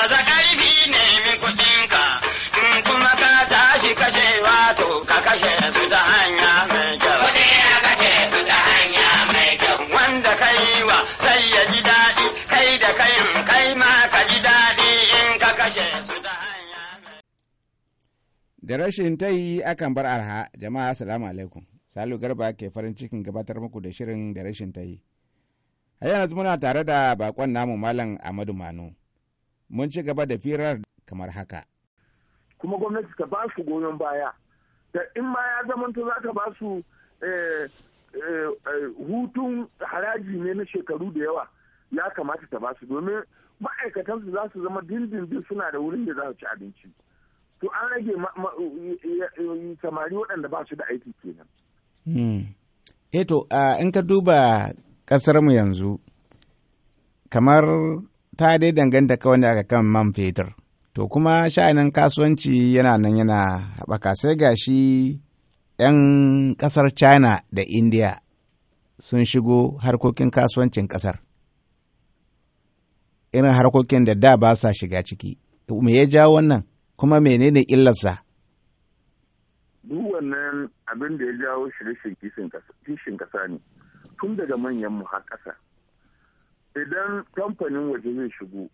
baza ƙarfi ne min kuɗinka in kuma ka tashi kashe wato ka kashe su ta hanya mai kyau. Kuɗi ya kashe su ta hanya mai kyau. Wanda ka yi wa sai ya ji daɗi kai da kayan kai ma ka ji daɗi in ka kashe su ta hanya mai Da rashin ta yi akan bar arha jama'a salamu alaikum. Salu Garba ke farin cikin gabatar muku da shirin da rashin ta yi. A yanzu muna tare da bakon namu Malam Amadu Manu. mun ci gaba da firar kamar haka. Kuma gwamnati ta ba su goyon baya, da in ma ya zamanta za ta ba su eh, eh, eh, hutun haraji ne na shekaru da yawa ya kamata ta ba su domin ma'aikatansu za su zama dindindin suna da wurin da za su ci abinci. To an rage samari waɗanda ba su da aiki kenan. Hmm. Eto, in ka duba ƙasarmu yanzu, kamar ta dai danganta kawai aka kan man fetur to kuma sha'anin kasuwanci yana nan yana haɓaka sai ga shi 'yan ƙasar china da india sun shigo harkokin kasuwancin ƙasar irin harkokin da da ba sa shiga ciki me ya ja wannan kuma menene illarsa duk wannan abin da ya jawo shi kasa kishin ƙasa ne tun daga manyan mu har ƙasa idan kamfanin waje zai shigo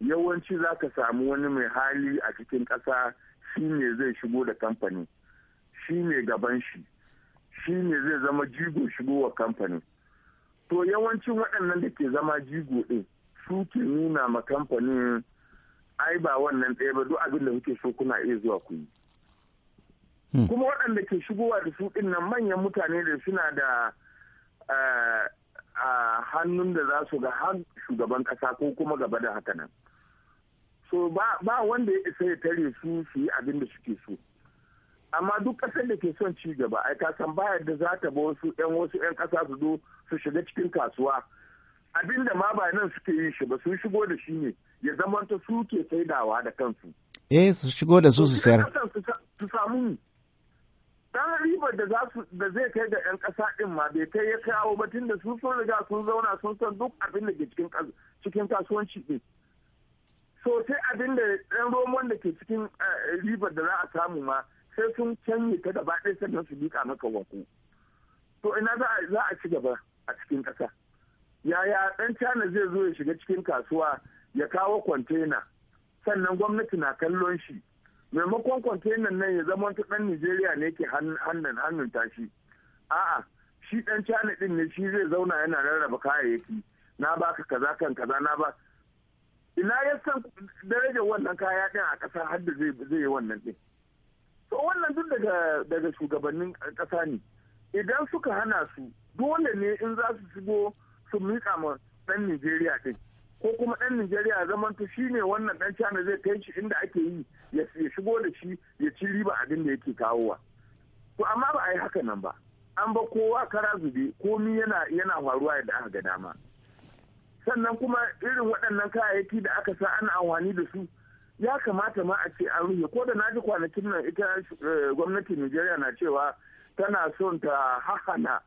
yawanci za ka samu wani mai hali a cikin ƙasa shi ne zai shigo da kamfani shi ne gaban shi shi ne zai zama jigo shigo wa kamfani to yawancin waɗannan da ke zama jigo ɗin su ke nuna ma kamfanin ai ba wannan ɗaya ba duk abin da kuke so kuna iya zuwa ku yi hmm. kuma waɗanda ke shigowa da su ɗin nan manyan mutane da suna da eh, a hannun da za su ga har shugaban kasa ko kuma gaba da haka nan so ba wanda ya isa ya tare su su yi abin da suke so amma duk ƙasar da ke son ci gaba ai ka san ba yadda za ta ba wasu yan wasu yan ƙasa su zo su shiga cikin kasuwa abin da ma ba nan suke yi shi ba su shigo da shi ne ya zamanta su ke saidawa da kansu eh su shigo da su su sayar su samu dan ribar da da zai kai ga yan kasa din ma bai kai ya kawo ba tunda su sun riga sun zauna sun san duk abin da ke cikin cikin kasuwanci din so sai abin da yan roman da ke cikin eh, ribar da za a samu ma sai sun canye ta gaba ɗaya sannan su bika maka wako to ina za a ci gaba a cikin ƙasa yaya ɗan cana zai zo ya shiga cikin kasuwa ya kawo kwantena sannan gwamnati na kallon shi maimakon kwantenan nan ya zama ta dan Nijeriya ne ke hannun hannun tashi a'a shi dan cana din ne shi zai zauna yana rarraba kayayyaki na baka kaza kan kaza na ba ina ya san darajar wannan kaya din a ƙasa har da zai yi wannan din to wannan duk daga daga shugabannin kasa ne idan suka hana su dole ne in za su shigo su miƙa ma dan Nijeriya din. ko kuma ɗan Nijeriya zaman shi ne wannan ɗan China zai kai shi inda ake yi ya shigo da shi ya ci riba abin da yake kawowa. To amma ba a yi haka nan ba. An ba kowa kara zube komi yana yana faruwa yadda aka ga dama. Sannan kuma irin waɗannan kayayyaki da aka sa ana amfani da su ya kamata ma a ce an rufe ko da na ji kwanakin nan ita eh, gwamnatin Nijeriya na cewa tana son ta hahana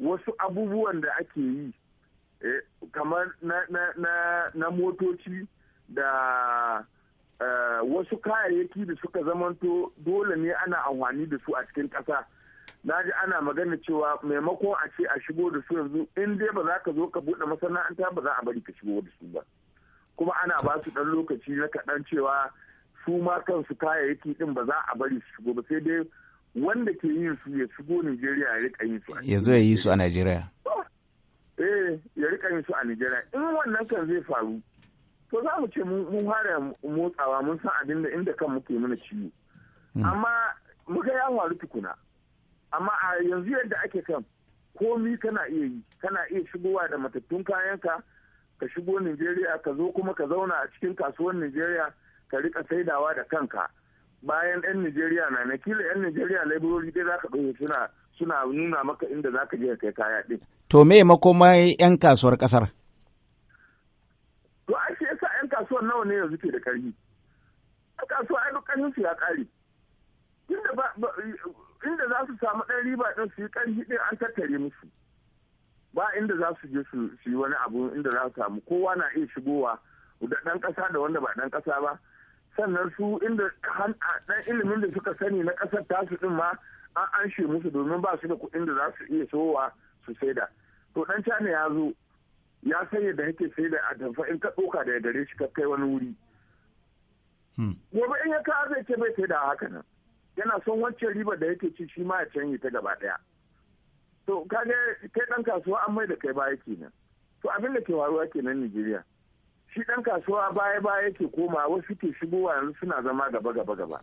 wasu abubuwan da ake yi Eh, kamar na motoci da eh, wasu kayayyaki da suka zamanto dole ne ana amfani da su a cikin ƙasa na ji ana magana cewa maimakon a ce a shigo da su yanzu in dai ba za ka zo ka buɗe masana'anta ba za a bari ka shigo da su ba kuma ana ba su ɗan lokaci na kaɗan cewa su ma kansu kayayyaki ɗin ba za a bari su shigo ba sai dai wanda ke yin su ya shigo Nijeriya ya riƙa yin su. yi su a Najeriya. eh ya rika yin su a Nijeriya in wannan kan zai faru to za mu ce mun fara motsawa mun san abin da inda kan muke mana ciwo hmm. amma muka ya faru tukuna amma a yanzu yadda ake kan komi kana iya yi kana iya shigowa da matattun kayanka ka shigo Nijeriya ka zo kuma ka zauna a cikin kasuwar Nijeriya ka rika saidawa da kanka bayan 'yan Nijeriya na na kila 'yan Nijeriya laiburori dai za ka ɗauke suna suna nuna maka inda za ka je kai kaya ɗin. To me makoma 'yan kasuwar ƙasar? To a yasa 'yan kasuwar nawa ne yanzu ke da ƙarfi. A kasuwa ai duk su ya ƙare. Inda ba inda za su samu ɗan riba ɗin su yi ƙarfi ɗin an tattare musu. Ba inda za su je su yi wani abu inda za su samu kowa na iya shigowa da ɗan ƙasa da wanda ba ɗan ƙasa ba. sannan su inda ɗan ilimin da suka sani na ƙasar tasu ɗin ma an anshe musu domin ba su da kuɗin da za su iya sowa su saida to dan cana ya zo ya san yadda yake saida a tamfa in ka ɗauka da gare shi ka kai wani wuri hmm. gobe in ya ka zai ce bai saida haka nan yana son wancan riba da yake ci shi ma ya canji ta gaba ɗaya to kaga kai ɗan kasuwa an mai da kai baya kenan to abin da ke waruwa kenan Nijeriya shi ɗan kasuwa baya baya yake koma wasu ke shigowa yanzu suna zama gaba gaba gaba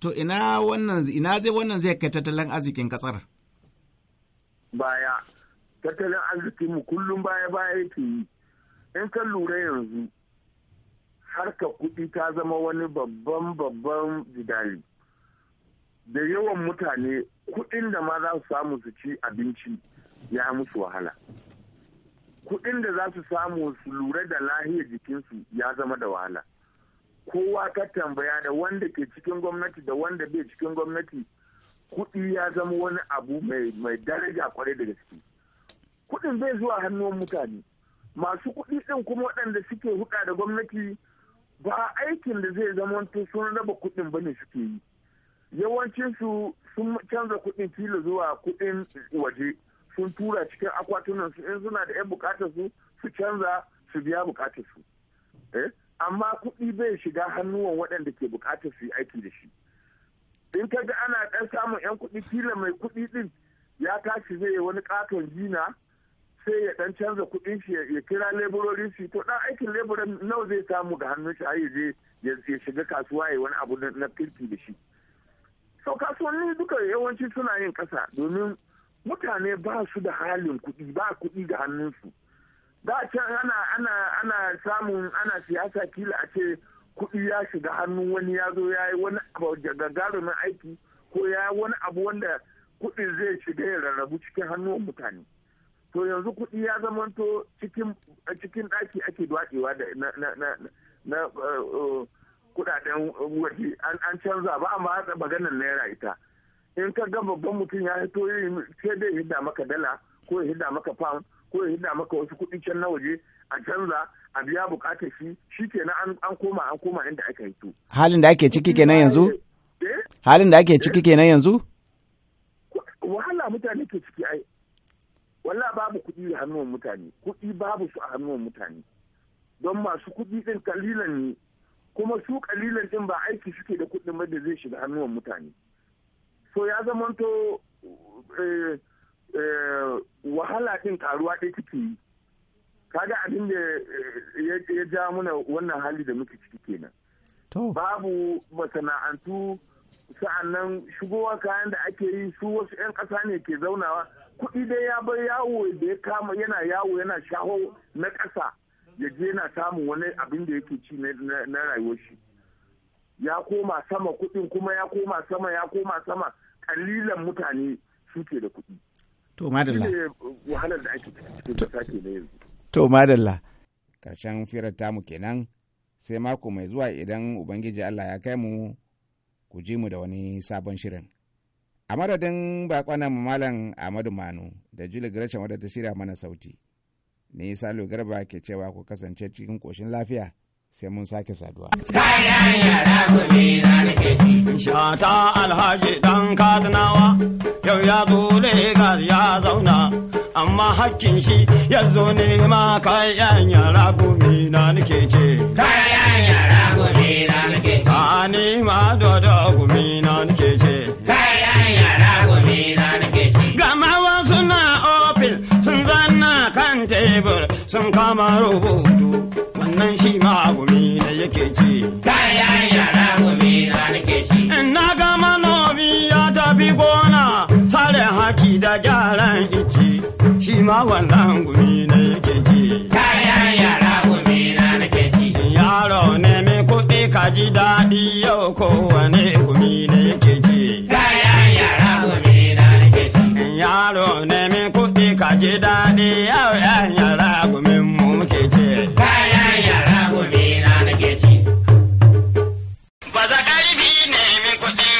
to ina wannan ina zai wannan zai kai tattalin arzikin kasar baya tattalin arzikin mu kullum baya baya yake yi in ka lura yanzu harka kuɗi ta zama wani babban babban jidali da yawan mutane kuɗin da ma za su samu su ci abinci ya musu wahala kuɗin da za su samu su lura da lahiyar jikinsu ya zama da wahala kowa ka tambaya da wanda ke cikin gwamnati da wanda bai cikin gwamnati kuɗi ya zama wani abu mai daraja kwarai da gaske kuɗin bai zuwa hannun mutane masu kuɗi ɗin kuma waɗanda suke huɗa da gwamnati ba aikin da zai zama sun raba kuɗin bane suke yi yawancinsu sun canza kuɗin fili zuwa kuɗin waje sun tura cikin akwatunan su in suna da 'yan bukatar su su canza su biya bukatar su eh? amma kuɗi bai shiga hannuwan waɗanda ke bukatar su yi aiki da shi in ka ga ana ɗan samun 'yan kuɗi kila mai kuɗi ɗin ya tashi zai yi wani ƙaton jina sai ya ɗan canza kuɗin shi ya kira leburori su to ɗan aikin leburan nawa zai samu ga hannun shi zai ya shiga kasuwa ya wani abu na kirki da shi sau kasuwanni duka yawanci suna yin ƙasa domin mutane ba su da halin kuɗi ba kuɗi ga hannunsu da can ana ana ana samun ana siyasa kila a ce kuɗi ya shiga hannu wani ya zo ya yi wani abu gagarumin aiki ko ya yi wani abu wanda kuɗi zai shiga ya rarrabu cikin hannun mutane to yanzu kuɗi ya to cikin cikin ɗaki ake dwaɗewa da na na na uh, uh, kuɗaɗen waje an an canza ba amma ba maganar naira ita in ka ga babban mutum ya hito sai dai hidda maka dala ko ya hidda maka pound ko ya hidda maka wasu kuɗi can na waje a canza a biya bukatar shi shi kenan an koma an koma inda aka hito. Halin da ake ciki kenan yanzu? Eh? Eh? Halin da ake ciki kenan yanzu? Wahala mutane ke ciki ai. Wallah babu kuɗi a hannun mutane, kuɗi babu su a hannun mutane. Don masu kuɗi ɗin kalilan ne, kuma su kalilan ɗin ba aiki suke da kuɗin ba da zai shiga hannun mutane. So ya zamanto eh, ɗin karuwa ɗai take yi kaga abin da eh, ya ja muna wannan hali da muke ciki kenan babu masana'antu sa'annan shigowa kayan da ake yi su wasu 'yan ƙasa ne ke zaunawa kuɗi dai ya bar yawo da ya kama yana yawo yana shaho na ƙasa ya je yana samun wani abin da yake ci na rayuwar shi ya koma sama kuɗin kuma ya koma sama ya koma sama ƙalilan mutane suke da kuɗi To madalla. da ake sake na Karshen firar tamu kenan sai mako mai zuwa idan Ubangiji Allah ya kai mu ku ji mu da wani sabon shirin. A madadin bakwana malam Ahmadu Manu da Juli Gresham wadda ta shirya mana sauti. Ni Salo Garba ke cewa ku kasance cikin ƙoshin lafiya. sai mun sake saduwa. Shata alhaji dan kadinawa yau ya zo Legas ya zauna amma hakkin shi ya zo nema kayan yara gumi na nake ce. Kayan yara gumi na nake ce. A ni ma dodo gumi na nake ce. Kayan yara gumi na nake ce. Gama wasu na ofil sun zanna kan tebur sun kama rubutu. nan shi ma gumi da yake ci. Kayan yara gumi na nake shi. Na ga manomi ya tafi gona sare haki da gyaran ici shi ma wannan gumi na yake ci. Kayan yara gumi na nake shi. Yaro ne mai kuɗi ka ji daɗi yau ko Frank with